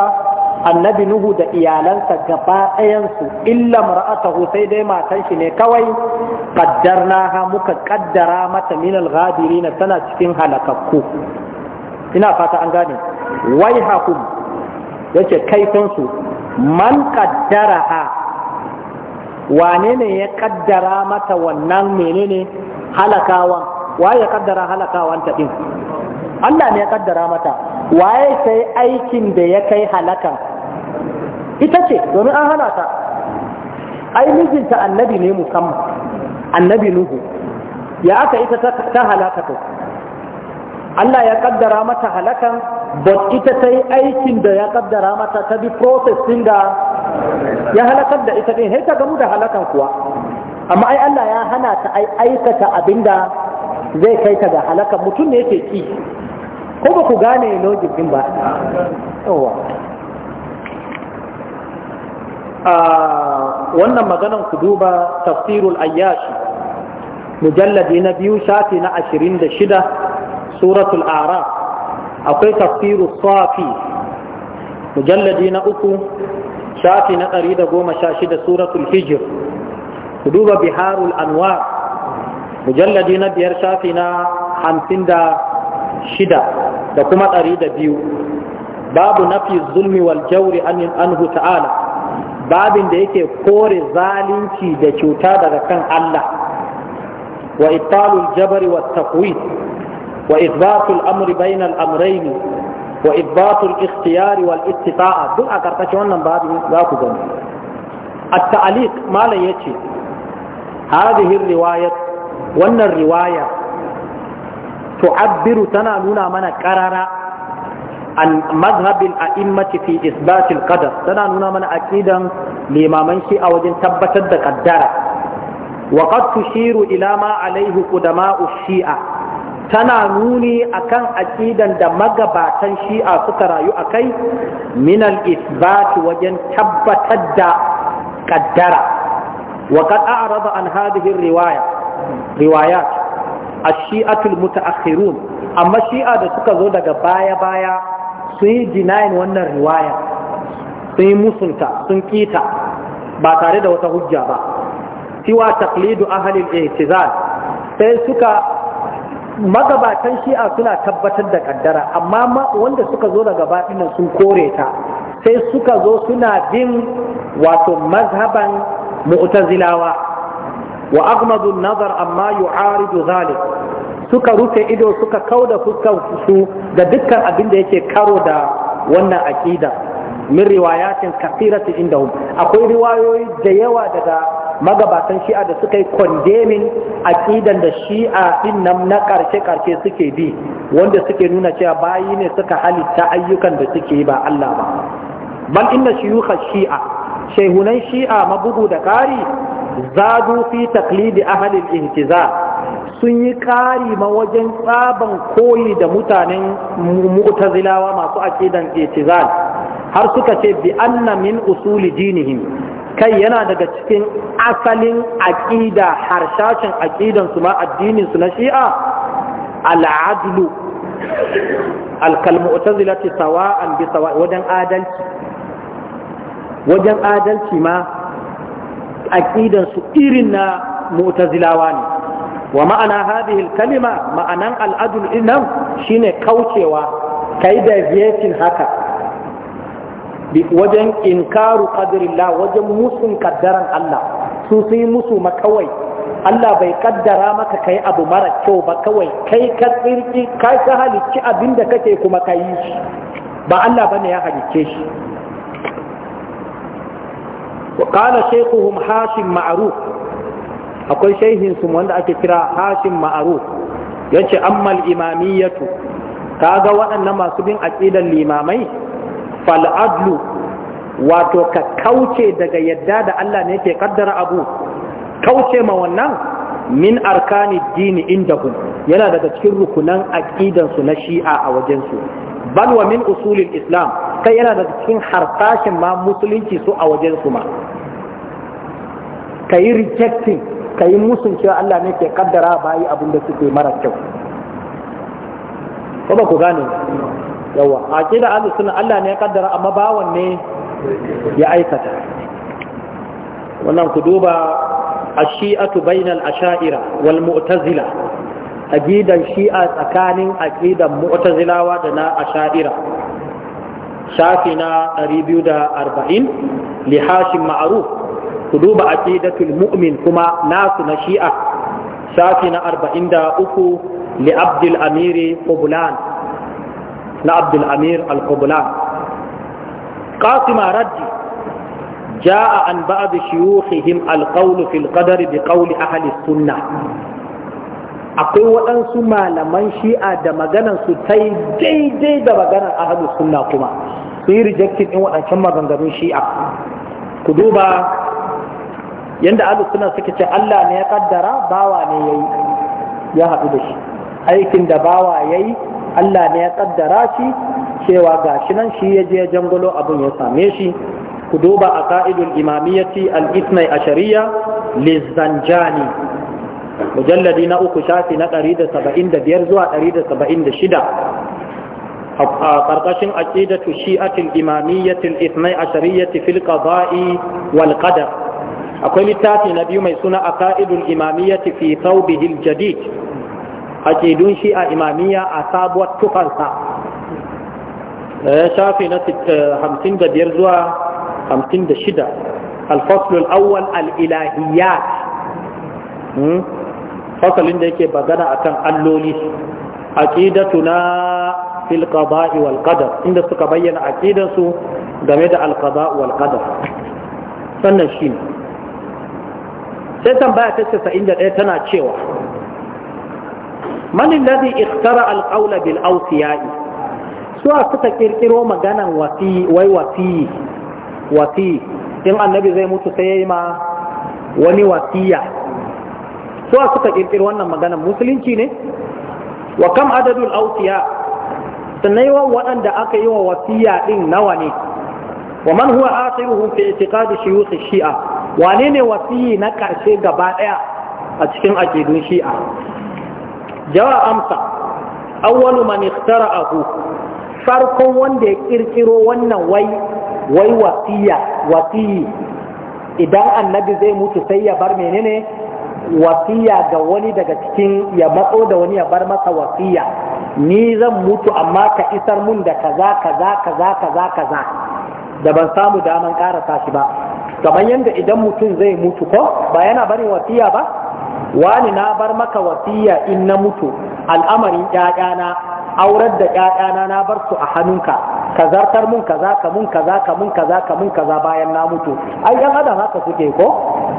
annabi nuhu da iyalansa gaba ɗayansu illa mar'atahu sai dai matan shi ne kawai ha muka kaddara mata min al-ghabirin tana cikin halakakku ina fata an gane wai hakum yace kaifinsu man ha? wane ne ya kaddara mata wannan menene halakawan waye ya kaddara halakawan ta din Allah ne ya kaddara mata waye sai aikin da ya kai halaka ita ce domin an hana ta ai mijinta annabi ne musamman annabi nuhu ya aka ita ta halaka to Allah ya kaddara mata halakan but ita ta yi aikin da ya kaddara mata ta bi process da ya halakar da ita din sai ta gamu da halakan kuwa amma ai Allah ya hana ta ai aikata abinda zai kai ta ga halaka mutum ne yake ki ko ba ku gane logic din ba yawa a wannan maganan ku duba tafsirul ayyashi mujalladi na biyu shafi na ashirin da shida suratul araf akwai tafsirul safi mujalladi na uku shafi na ɗari da goma sha shida suratul hijir ku duba biharul anwar mujalladi na biyar shafi na hamsin da shida da kuma ɗari da biyu babu nafi zulmi wal jauri anhu ta'ala babin da yake kore zalunci da cuta daga kan Allah wa ibtalul jabari wa taqwid wa amri bainal amrayni wa isbatul ikhtiyari wal duk a karkashin wannan babin za ku gani at-ta'liq malam yace هذه الرواية وأن الرواية تعبر تنا نونا من كرر عن مذهب الأئمة في إثبات القدر تنا نونا من أكيدا لإمامان شيء أو جن ثبتت القدر وقد تشير إلى ما عليه قدماء الشيعة tana nuni akan aƙidan da magabatan shi'a suka rayu a kai minal isbat wajen tabbatar da ƙaddara وقد أعرض عن هذه الرواية روايات الشيعة المتأخرون Amma shi'a da suka zo daga baya-baya sun yi denying wannan riwaya sun yi musunta sun ƙita ba tare da wata hujja ba siwa taklidu ahlil i'tizal sai magabatan shi'a suna tabbatar da ƙaddara, amma wanda suka zo daga baɗinan sun kore ta sai suka zo suna bin wato mazhaban mu'tazilawa wa aghmadu nazar amma yu'aridu zalik suka rufe ido suka kauda fuskan su da dukkan abin da yake karo da wannan aqida min riwayatin kasirati indahum akwai riwayoyi da yawa daga magabatan shi'a da suka yi condemning aqidan da shi'a din nan na karshe karshe suke bi wanda suke nuna cewa bayi ne suka halitta ayyukan da suke yi ba Allah ba bal inna shuyukh shi'a shehunan shi'a mabugu da kari zadu fi taklidi ahalin ihtiza sun yi kari ma wajen tsaban koyi da mutanen mu'tazilawa masu aqidan ihtizal har suka ce bi anna min usuli dinihim kai yana daga cikin asalin aqida harshashin aqidan su ma addinin su na shi'a al-adlu al-kalmu'tazilati sawa'an bi sawa' wajen adalci wajen adalci ma aƙidansu irin na mutazilawa ne wa ma'ana hadhihi kalima ma'anan al'adul innan shine kaucewa kai deviating haka wajen inkaru qadrillah wajen musun kaddaran Allah su sun yi musu makawai Allah bai kaddara maka kai abu mara kyau ba kawai kai ka tsirki kai ka halicci abinda kake kuma ka yi shi ba Allah bane ya halicce shi wa qala shaykhuhum hashim ma'ruf akwai shaihin su wanda ake kira hashim ma'ruf yace ammal imamiyatu kaga waɗannan masu bin aqidan limamai fal adlu wato ka kauce daga yadda da Allah ne ke kaddara abu kauce ma wannan min arkani inda indahu yana daga cikin rukunan aqidan su na shi'a a wajen su bal min usulil islam kai yana da cikin harsashin ma musulunci su a wajen su ma kai rejecting kai musun cewa Allah ne ke kaddara bayi abin da suke mara kyau ko ba ku gane yawa aqida ahlus Allah ne ya kaddara amma ne ya aikata wannan ku duba الشيئة بين الأشائرة والمؤتزلة aqidan shi'a tsakanin aqidan mu'tazilawa da na asha'ira shafi na 240 li hashim ma'ruf ku duba aqidatul mu'min kuma nasu na shi'a shafi na 43 li abdul amiri qublan na abdul amir al-qublan qasima raddi جاء عن بعض شيوخهم القول في القدر بقول أهل السنة akwai waɗansu malaman shi'a da maganarsu su ta yi daidai da maganar ahalus sunna kuma sun yi rejectin ɗin waɗancan maganganun shi'a ku duba yadda ahalus sunna suke ce Allah ne ya kaddara bawa ne ya yi ya haɗu da shi aikin da bawa ya yi Allah ne ya kaddara shi cewa gashi nan shi ya je ya jangolo abin ya same shi ku duba a ka'idul imamiyyati al-ithnai ashariya lizanjani mujalladi na uku shafi na 175 zuwa 176 a ƙarƙashin aƙidatu shi'atul imamiyyatul ithnai ashariyyati fil qada'i wal qadar akwai littafi na biyu mai suna aqaidul imamiyyati fi thawbihi al jadid aƙidun shi'a imamiyya a sabuwar tufarsa eh, shafi na 55 eh, zuwa 56 الفصل الأول الإلهيات fasalin da yake bagana akan alloli aqidatuna fil qada'i wal qadar inda suka bayyana aqidansu game da al qada' wal qadar sannan shine sai tambaya ta 91 tana cewa man alladhi ikhtara al qawla bil awsiya'i suwa suka kirkiro maganan wasi wai wasi wasi in annabi zai mutu sai yayi ma wani wasiya su suka kirkiri wannan maganar musulunci ne wa kam adadul ausiya sannan yawan waɗanda aka yi wa wasiya ɗin nawa ne wa man huwa akhiruhum fi i'tiqadi shuyukh shi'a wane ne wasiyi na ƙarshe gaba ɗaya a cikin aqidun shi'a jawa amsa awwalu man ikhtara'ahu farkon wanda ya ƙirƙiro wannan wai wai wasiya wasiyi idan annabi zai mutu sai ya bar menene wasiya ga wani daga cikin ya matso da wani ya bar masa wasiya ni zan mutu amma ka isar mun da kaza kaza kaza kaza kaza da ban samu daman karasa shi ba kamar yadda idan mutum zai mutu ko ba yana barin wasiya ba wani na bar maka wasiya in na mutu al'amarin ƴaƴana aurar da ƴaƴana na bar su a hannunka ka zartar mun kaza ka mun kaza ka mun kaza ka mun kaza bayan na mutu ai yan adam haka suke ko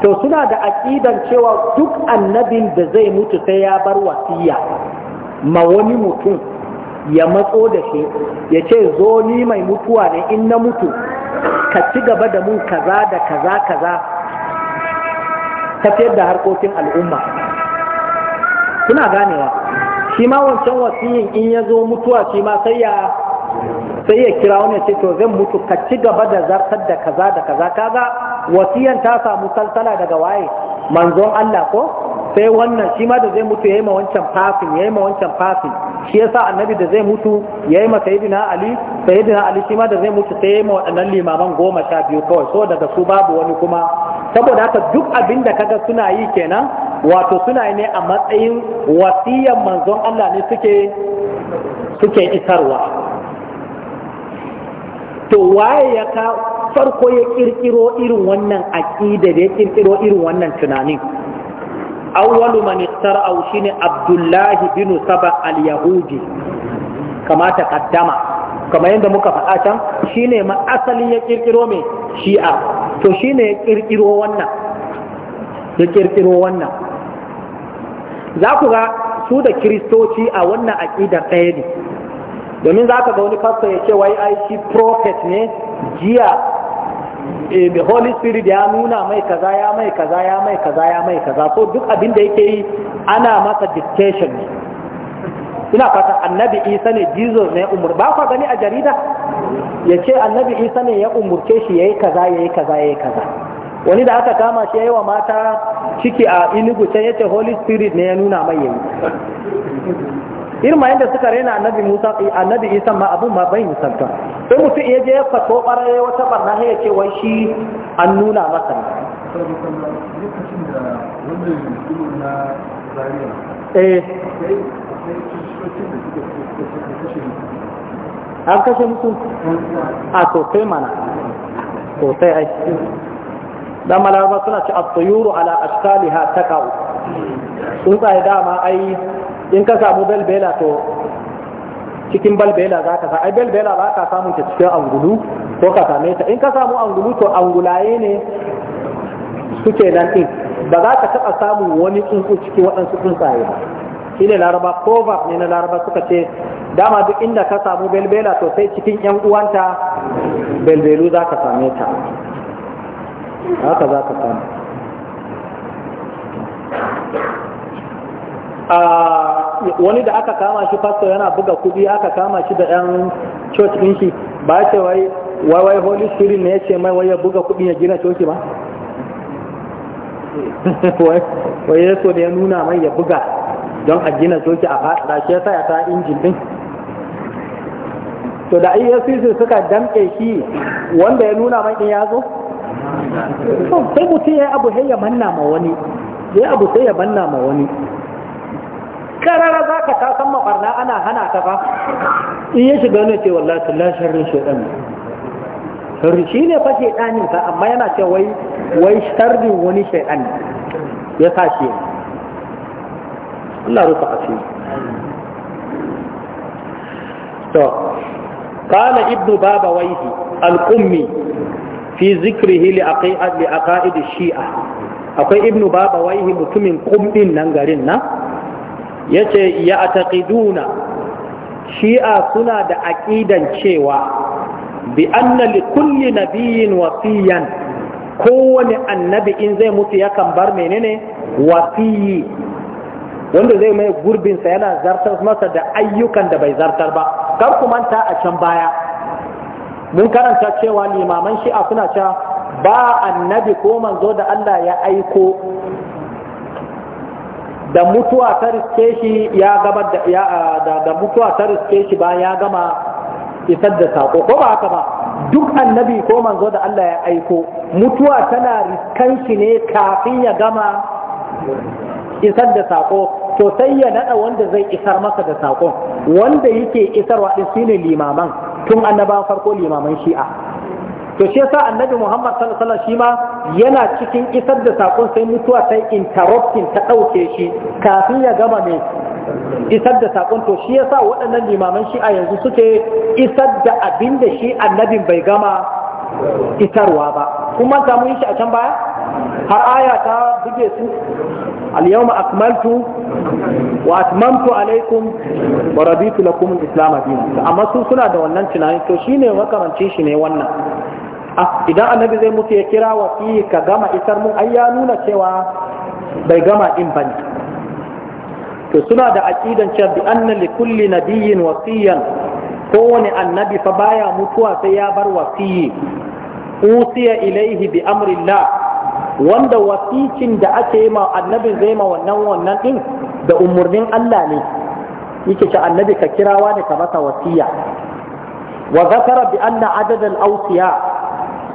to suna da aqidan cewa duk annabin da zai mutu sai ya bar wasiya ma wani mutum ya matso da shi ya ce zo ni mai mutuwa ne in na mutu ka ci gaba da mun kaza da kaza kaza tafiyar da harkokin al'umma kuna ganewa shi ma wancan wasiyin in ya zo mutuwa shi ma sai ya sai ya kira wani ce to zan mutu ka ci gaba da zartar da kaza da kaza kaga wasiyan ta samu salsala daga waye manzon Allah ko sai wannan shi ma da zai mutu yayi ma wancan fasin yayi ma wancan fasin shi yasa annabi da zai mutu yayi ma sayyidina Ali sayyidina Ali shi ma da zai mutu sai yayi ma waɗannan limaman goma sha biyu kawai so daga su babu wani kuma saboda haka duk abinda da kaga suna yi kenan wato suna ne a matsayin wasiyan manzon Allah ne suke suke isarwa to waye ya ka farko ya kirkiro irin wannan aqida da ya kirkiro irin wannan tunanin awwalu man iqtara shine Abdullah bin Saba al-Yahudi kama taqaddama kama yadda muka faɗa can shine ma asalin ya kirkiro me shi'a to shine ya kirkiro wannan ya kirkiro wannan za ku ga su da kiristoci a wannan aƙidar ɗaya ne domin za ka ga wani fasta ya ce wai ai shi prophet ne jiya eh, the holy spirit ya nuna mai kaza ya mai kaza ya mai kaza ya mai kaza ko duk abin da yake yi ana masa dictation ne ina fata annabi isa ne jesus ne umur ba kwa gani a jarida ya ce annabi isa ne ya umurce shi ya yi kaza ya yi kaza ya yi kaza wani da aka kama shi yawa wa mata ciki a inugu can yace holy spirit ne ya nuna mai yayi irma yadda suka rena annabi musa annabi isa ma abun ma bai musanta sai mutum ya je ya fato baraye wata barna ya ce wai shi an nuna masa ne eh. an kashe mutum a sosai mana sosai aiki dan malama suna ci at-tuyuru ala ashkaliha taqau tsuntsaye dama ai in ka samu belbela to cikin balbela za ka sa ai balbela ba ka samu ta cikin angulu ko ka same ta in ka samu angulu to angulaye ne suke nan din ba za ka taɓa samu wani tsuntsu cikin waɗansu tsuntsaye ba shi ne laraba proverb ne na laraba suka ce dama duk inda ka samu belbela to sai cikin yan uwanta belbelu za ka same ta haka za ka samu wani da aka kama shi fasto yana buga kudi aka kama shi da 'yan church ɗin shi ba ce wai wai holy spirit ne ya ce mai wai ya buga kudi ya gina coci ba <laughs> wai ya so da ya nuna mai ya buga don a gina coci a fada shi ya sa ya ta injin din to da efcc suka damke shi wanda ya nuna mai din ya zo sai mutum ya abu sai ya manna ma wani ya abu sai ya manna ma wani karara za ka ta san mafarna ana hana ta ba in ya shiga wani ce wallahi tallah sharrin shaitan sharri shi ne fa shaitanin sa amma yana ce wai wai sharrin wani shaitan ya sa shi Allah rufa asiri to قال ابن al القمي fi zikrihi li aqaidi shi'a akwai ibnu baba waihi mutumin kumbin nan garin na yace ya ataqiduna shi'a suna da aqidan cewa bi anna li kulli nabiyyin wasiyan kowane annabi in zai mutu yakan bar menene wasiyi wanda zai mai gurbinsa yana zartar masa da ayyukan da bai zartar ba kar ku manta a can baya mun karanta cewa limaman shi'a suna cewa ba annabi ko manzo da Allah ya aiko da mutuwa ta riske shi ya gama da mutuwa ta riske shi ba ya gama isar da sako ko ba haka ba duk annabi ko manzo da Allah ya aiko mutuwa tana riskan shi ne kafin ya gama isar da sako to sai ya nada wanda zai isar masa da sako wanda yake isarwa din shine limaman tun naba farko limaman shi'a to shi yasa annabi Muhammad sallallahu alaihi wasallam shi ma yana cikin isar da sakon sai mutuwa sai interrupting ta dauke shi kafin ya gama mai isar da sakon to shi yasa waɗannan limaman shi'a yanzu suke isar da abinda shi annabin bai gama isarwa ba kuma ta mun shi a can baya har aya ta buge su al-yawma akmaltu wa atmamtu alaikum wa raditu lakum al-islam dinan amma su suna da wannan tunani to shine makarancin shi ne wannan ah, idan annabi zai mutu ya kira wa fi ka gama isar mun ai ya nuna cewa bai gama din bane to suna da aqidan cewa bi anna li kulli nabiyyin wasiyan kowane annabi fa baya mutuwa sai ya bar wasiyi usiya ilaihi bi amrillah wanda wasikin da ake yi ma annabi zai ma wannan wannan din da umarnin Allah ne yake ce annabi ka kirawa ne ka masa wasiya wa zakara bi anna adadal awsiya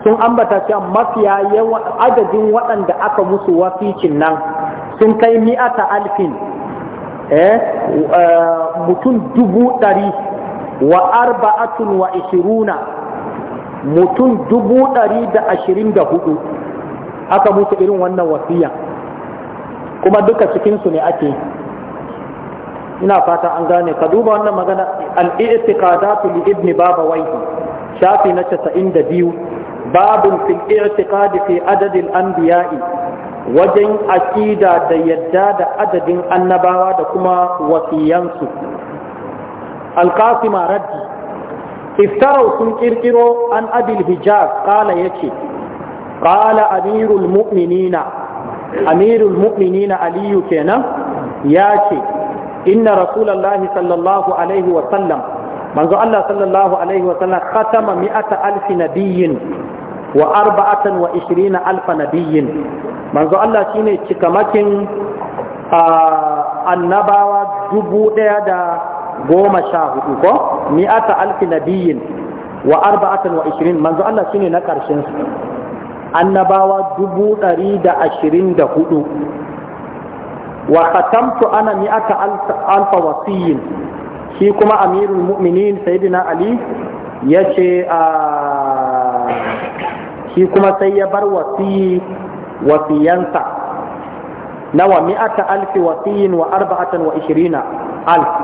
sun ambata cewa mafiya yawan adadin waɗanda aka musu wasikin nan sun kai mi'ata alfin eh, eh mutum dubu ɗari wa arba'atun wa ishiruna mutum dubu ɗari da ashirin da hudu aka musu irin wannan wasiya kuma duka cikinsu ne ake ina fata an gane ka duba wannan magana al-i'tiqadatu li ibn babawayh shafi na 92 babun fil i'tiqadi fi adad anbiyai wajen aqida da yadda da adadin annabawa da kuma wasiyansu al-qasim raddi iftarau sun kirkiro an abil hijaz qala yace qala amirul mu'minina amirul mu'minina aliyu kenan ya ce inna rasulullahi sallallahu alaihi wa sallam manzo Allah sallallahu alaihi wa sallam khatama mi'ata alfi nabiyyin wa arba'atan wa ishirina alfa nabiyyin manzo Allah shine cikamakin annabawa dubu ɗaya da goma sha hudu ko mi'ata alfi nabiyyin wa arba'atan wa ishirin manzo Allah shine na ƙarshen su annabawa dubu ɗari da ashirin da hudu wa khatamtu ana mi'ata alfa wasiyin shi kuma amirul mu'minin sayyidina ali ya ce a ah, shi kuma sai ya bar wasiyi wasiyansa na wa mi'ata alfi wasiyin wa arba'atan wa ishirina alf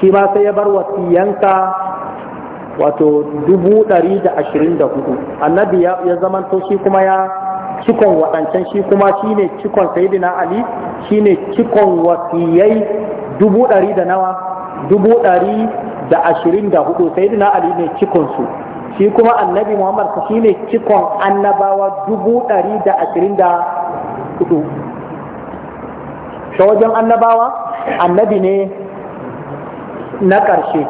shi ma sai ya bar wasiyansa wato dubu ɗari da ashirin da hudu annabi ya zamanto shi kuma ya cikon waɗancan shi kuma shi ne cikon sayidina ali shi ne cikon wasiyai dubu ɗari da nawa dubu ɗari da ashirin da hudu sayidina ali ne cikonsu shi kuma annabi muhammad shi ne cikon annabawa dubu ɗari da ashirin da hudu ta wajen annabawa annabi ne na ƙarshe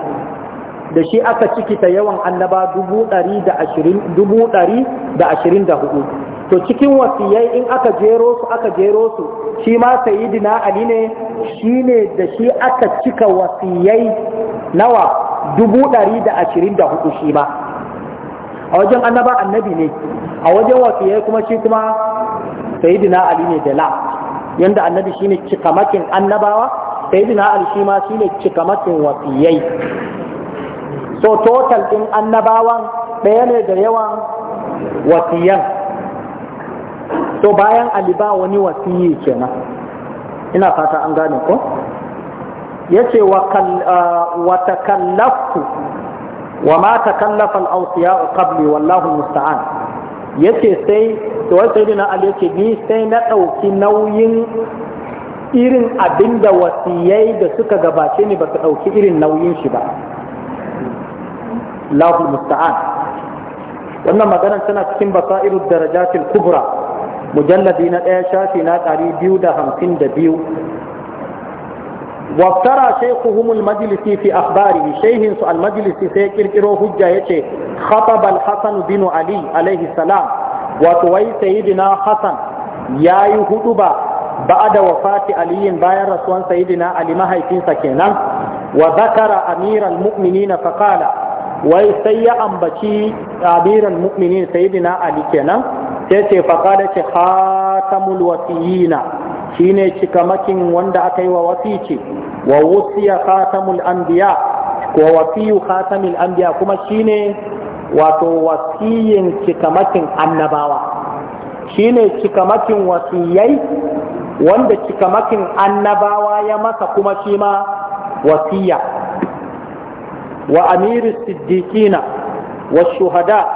da shi aka cikita yawan annaba dubu ɗari da ashirin dubu ɗari da ashirin da hudu to cikin wasiyai in aka jero su aka jero su shi ma sayidina ali ne shi ne da shi aka cika wasiyai nawa dubu ɗari da ashirin da hudu shi ma a wajen annaba annabi ne a wajen wasiyai kuma shi kuma sayidina ali ne da la yanda annabi shi ne cikamakin annabawa sayidina ali shi ma shine cikamakin wasiyai so total ɗin annabawan ɗaya ne da yawan wasiyan so bayan aliba wani wasiyi kenan ina fata an gane ko ya ce wa ah, takallafu wa ma takallafa al-awsiya qabli wallahu musta'an yace sai to sai na ali yace ni sai na ɗauki nauyin irin abinda wasiyai da suka gabace ni ba su ɗauki irin nauyin shi ba الله wannan maganar tana cikin basairu darajatil kubra mujalladi na ɗaya shafi na ɗari biyu da hamsin da biyu waftara shaikuhum majlisi fi akhbari shaikhin su almajlisi sai kirkiro hujja yace khatab alhasan bin ali alaihi salam wa tuwai sayyidina hasan yayi huduba ba'da wafati ali bayan rasuwan sayyidina ali mahaifinsa kenan wa zakara amiral mu'minina fa qala wai sai ya ambaci abiran mu'minin sayyidina ali kenan sai ce faqala ce khatamul wasiyina shine cikamakin wanda aka yi wa wasici wa wusiya khatamul anbiya ko wasiyu khatamul anbiya kuma shine wato wasiyin cikamakin annabawa shine cikamakin wasiyai wanda cikamakin annabawa ya masa kuma shi ma wasiya وأمير الصديقين والشهداء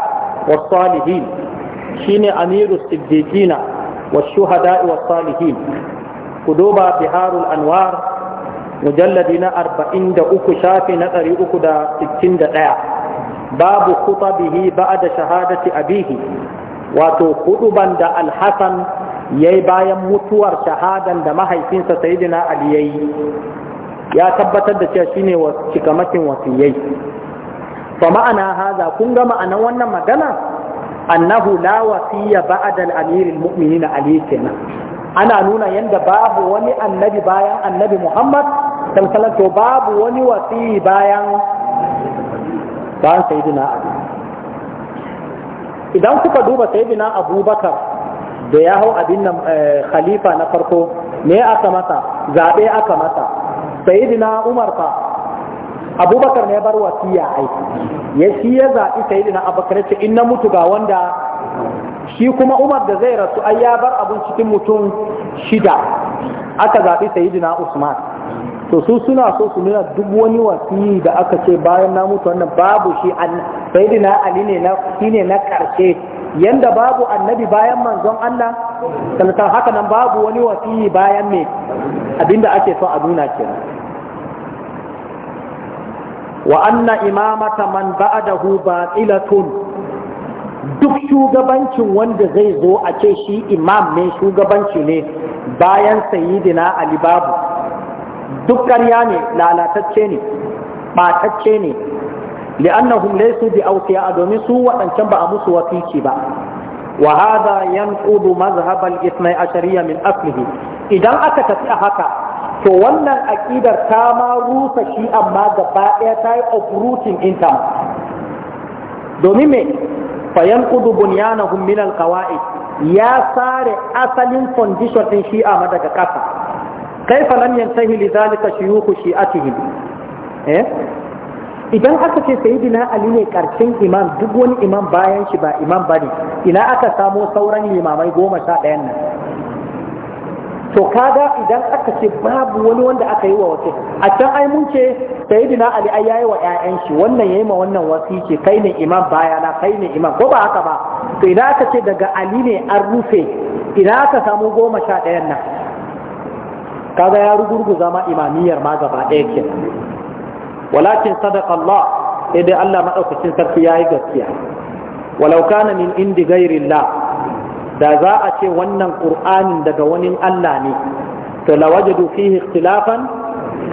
والصالحين شين أمير الصديقين والشهداء والصالحين كدوبا بحار الأنوار مجلدنا أربعين دا أكو شافي نتري أكو دا ستين دا باب خطبه بعد شهادة أبيه wato huduban da alhassan ya yi bayan mutuwar shahadan da mahaifinsa sayidina ali ya yi ya tabbatar da cewa shine cikamakin wasiyai fa ma'ana haza kun ga ma'anan wannan magana annahu la wasiya ba'da al-amir al-mu'minin ali kenan ana nuna yanda babu wani annabi bayan annabi Muhammad sallallahu to babu wani wasi bayan bayan sayyidina Ali idan kuka duba sayyidina Abubakar da ya hau abin nan eh, khalifa na farko me aka masa zabe aka masa sayyidina umar fa abubakar ne bar wasiya ai ya shi ya zaɓi sayyidina abubakar ce in na mutu ga wanda shi kuma umar da zai rasu ai ya bar abun cikin mutum shida aka zaɓi sayyidina usman to su suna so su nuna duk wani wasi da aka ce bayan na mutu wannan babu shi na ali ne na ne na karshe yanda babu annabi bayan manzon Allah sallallahu haka nan babu wani wasi bayan me abinda ake so a nuna ke wa anna imamata man ba'dahu ba'ilatun duk shugabancin wanda zai zo a ce shi imam ne shugabanci ne bayan sayyidina ali babu duk ƙarya ne lalatacce ne ɓatacce ne li'annahum laysu bi awsiya domin su waɗancan ba a musu wasiki ba wa hadha yanqudu mazhab al-ithnai min aslihi idan aka tafi a haka to wannan aqidar ta ma rusa shi amma gaba ɗaya ta yi uprooting ta. domin me fa yanqudu bunyanahum min al-qawaid ya sare asalin condition din shi'a daga ƙasa kaifa lam yantahi li zalika shuyukhu shi'atihim eh idan aka ce sayyidina ali ne karshen imam duk wani imam bayan shi ba imam bane ina aka samo sauran limamai goma sha ɗayan nan to kaga idan aka ce babu wani wanda aka yi wa wasu a can ai mun ce sayyidina ali ai yayi wa ƴaƴan shi wannan yayi ma wannan wasi ce kai ne imam na kai ne imam ko ba haka ba to idan aka ce daga ali ne an rufe idan aka samu goma sha ɗayan nan kaga ya rugurguza ma imamiyar ma gaba ɗaya walakin sadaka Allah idan dai Allah maɗaukacin sarki yayi gaskiya walau kana min indi ghairillah da za a ce wannan qur'anin daga wani Allah ne to lawajadu fihi ikhtilafan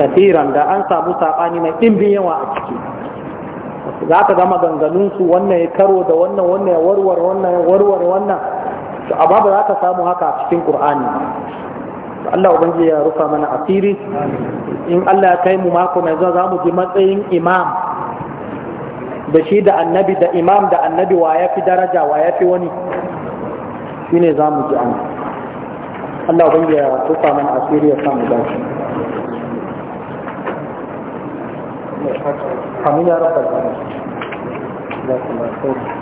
kathiran da an samu sabani mai dimbin yawa a ciki za ka ga maganganun su wannan ya karo da wannan wannan ya warware wannan ya warware wannan to amma ba za ka samu haka a cikin ƙur'ani Allah ubangiji ya rufa mana asiri in Allah ya kai mu mako mai zuwa za mu ji matsayin imam da shi da annabi da imam da annabi wa ya fi daraja wa ya fi wani shi ne za mu ji an Allah ubangiji ya rufa mana asiri ya samu dace Amin ya rabbal alamin.